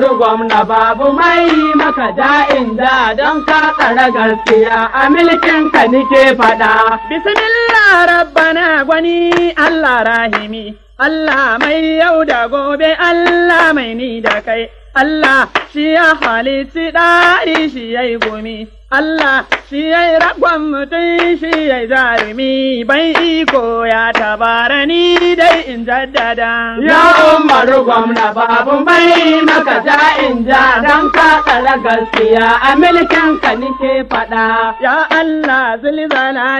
bari gwamna babu mai maka da'in da don ka tsara gaskiya a milkin ka nike fada. Bismillah rabbana gwani Allah rahimi, Allah mai yau da gobe, Allah mai ni da kai. Allah shi ya halici ɗari shi ya yi gumi, Allah shi ya yi ragon mutum shi ya yi jarumi bai iko ya tabara ni dai in jaddada. Ya umaru gwamna babu mai maka ja in ja don ka tsara gaskiya a milkin ka nike faɗa. Ya Allah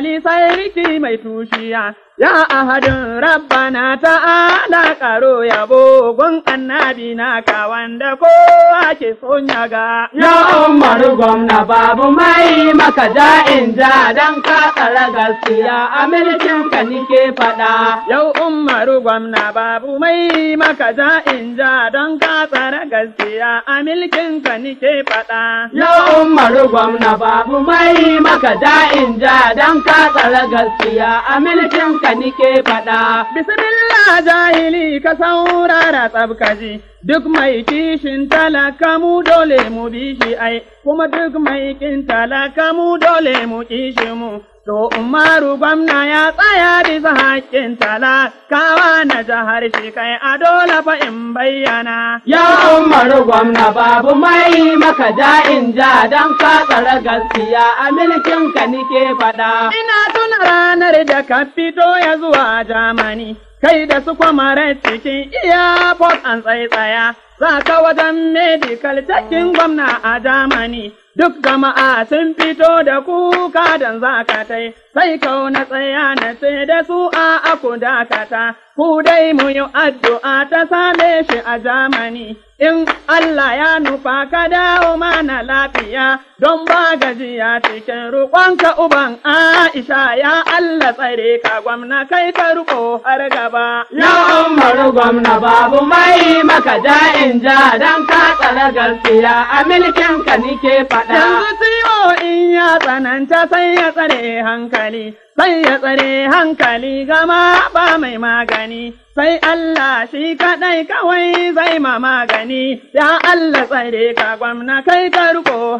ni sai sarki mai tushiya. Ya ahadin rabbana ta'ala karo yabo gun annabi ka wanda kowa ke sonya ga. Ya umaru gwamna babu mai maka ja'in ja don ka tsara gaskiya a mulkin ka nike faɗa. Yau umaru gwamna babu mai maka ja'in ja don ka tsara gaskiya a mulkin ka nike faɗa. Ya umaru gwamna babu mai maka ja'in ja don ka tsara gaskiya a mulkin ka haka nike faɗa. Bismillah jahili ka saurara tsabkaji, duk mai kishin talaka mu dole mu bi shi ai, kuma duk mai kin talaka mu dole mu kishi mu. To Umaru gwamna ya tsaya bisa haƙƙin talakawa na jihar shi kai a dole fa in bayyana. Ya Umaru gwamna babu mai maka ja in ja don ka tsara gaskiya a milkin ka nike faɗa. Ina tuna ranar da ka fito ya zuwa Jamani, kai da su kwamarar cikin iya port an tsaitsaya. za wajen medical cikin gwamna a Germany. Duk jama'a sun fito da kuka don zakatai, sai kau na tsaya na ce da su a aku dakata, ku dai mu yi addu'a ta same shi a Germany. In Allah ya nufa ka dawo mana lafiya don ba gajiya cikin roƙonka uban Aisha ya Allah tsare ka gwamna kai ta ruko har gaba. Ya umaru gwamna babu mai maka da'i in dan ka tsara gaskiya a milkin ka nike faɗa. Yanzu ciwo in ya tsananta sai ya tsare hankali, sai ya tsare hankali gama ba mai magani. Sai Allah shi kaɗai kawai zai ma magani, ya Allah tsare ka gwamna kai ka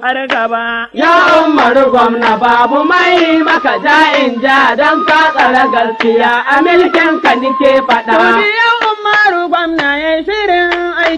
har gaba. Ya umaru gwamna babu mai maka ja in ja dan ka tsara gaskiya a milkin ka nike faɗa.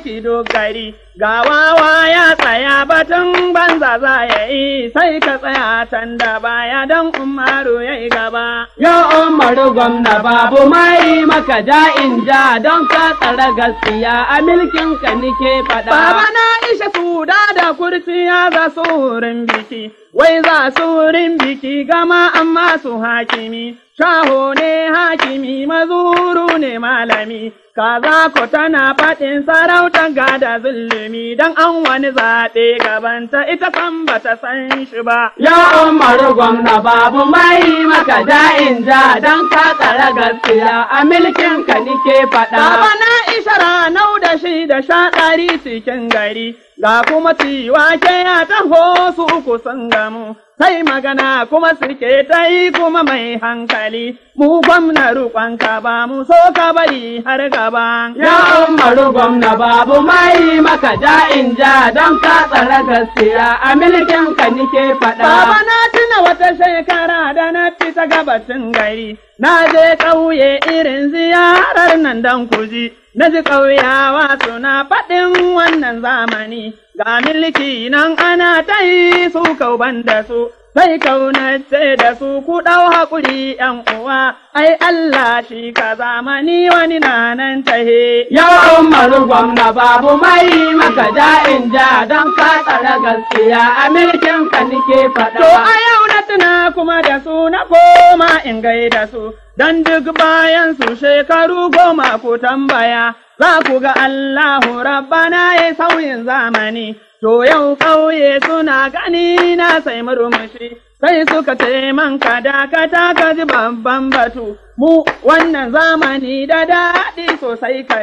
Chino Guidey. Gawawa ya tsaya batun banza za ya yi sai ka tsaya can da baya don umaru ya yi gaba. Ya umaru gwamna babu mai maka ja in ja don ka tsara gaskiya a milkin ka nike faɗa. Baba na isha suda da kurciya za su wurin biki, wai za su wurin biki gama amma su hakimi. Shaho ne hakimi mazuru ne malami, za ku tana faɗin sarautar gada zille. ilimi dan an wani zaɓe gabanta ita san ta san shi ba. Ya umaru gwamna babu mai maka da'in ja dan ka tsara gaskiya a milkin ka nike faɗa. Baba na ishara nau da shi da shaɗari cikin gari. ga kuma ci ke ya taho su uku sun gamu, sai magana kuma suke ta yi kuma mai hankali, mu gwamna ka ba mu so ka bari har gaba. Ya umaru gwamna babu mai maka ja in ja don ka tsara gaskiya a milkin ka nike faɗa. Baba na tuna wata shekara da na fita gabacin gari, na je ƙauye irin ziyarar nan don kuji. Na ji ƙauyawa suna faɗin wannan zamani, ga milki nan ana ta yi su kauban da su, sai kaunace da su ku ɗau haƙuri ‘yan uwa, ai Allah shi ka zamani wani na nan ta tahe. Yau umaru gwamna babu mai maka ja'in ja don ka tsara gaskiya a milkin ka nike faɗa. To a yau na tuna kuma da su na koma in gaida su, don duk bayan su shekaru goma ku tambaya. za ku ga Allahu rabbana ya sauyin zamani, to yau ƙauye suna gani na sai murmushi, sai suka ce man ka dakata ka ji babban batu, mu wannan zamani da daɗi sosai ka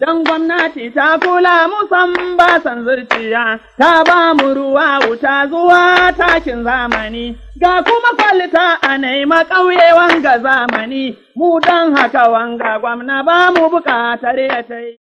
Dan gwamnati ta kula musan basan zuciya, ta ba mu ruwa wuta zuwa takin zamani, ga kuma kwalita a naima ƙauye wanga zamani, mu dan haka wanga gwamna ba mu buƙatar ya ta yi.